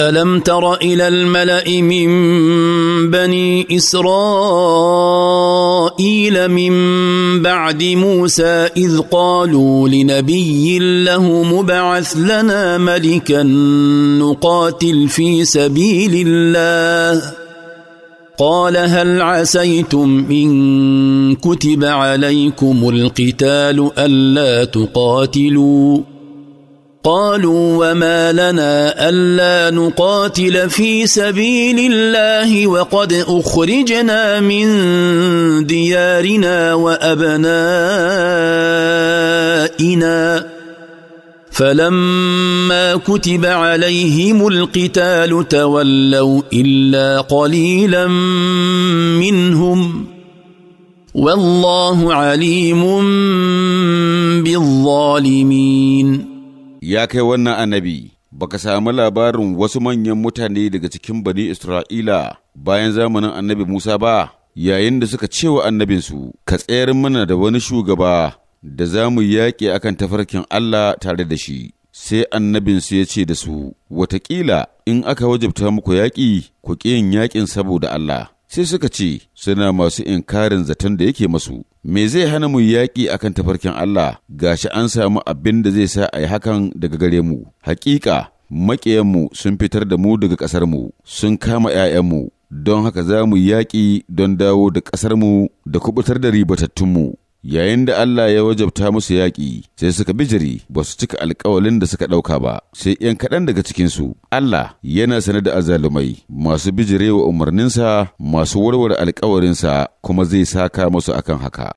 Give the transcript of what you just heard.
الم تر الى الملا من بني اسرائيل من بعد موسى اذ قالوا لنبي له مبعث لنا ملكا نقاتل في سبيل الله قال هل عسيتم ان كتب عليكم القتال الا تقاتلوا قالوا وما لنا الا نقاتل في سبيل الله وقد اخرجنا من ديارنا وابنائنا فلما كتب عليهم القتال تولوا الا قليلا منهم والله عليم بالظالمين ya kai wannan annabi, baka samu labarin wasu manyan mutane daga cikin bani Isra'ila bayan zamanin annabi Musa ba, yayin da suka ce wa annabinsu, ka tsayar mana da wani shugaba da za mu yaƙi akan tafarkin Allah tare da shi. Sai annabinsu ya ce da su, watakila, in aka wajabta muku yaƙi, ku ƙi yin yaƙin saboda Allah. sai suka ce suna masu inkarin zaton da yake masu me zai hana mu yaƙi akan tafarkin Allah ga shi an samu abin da zai sa a yi hakan daga gare mu hakika maƙiyanmu sun fitar da mu daga mu sun kama 'ya'yanmu don haka za mu yaƙi don dawo da mu da kubutar da ribatattunmu yayin da Allah ya wajabta musu yaƙi sai suka bijiri ba su cika alkawalin da suka ɗauka ba sai ‘yan kaɗan daga cikinsu Allah yana sanar da azalumai masu bijirewa umarninsa masu warware alkawarinsa kuma zai saka musu akan haka.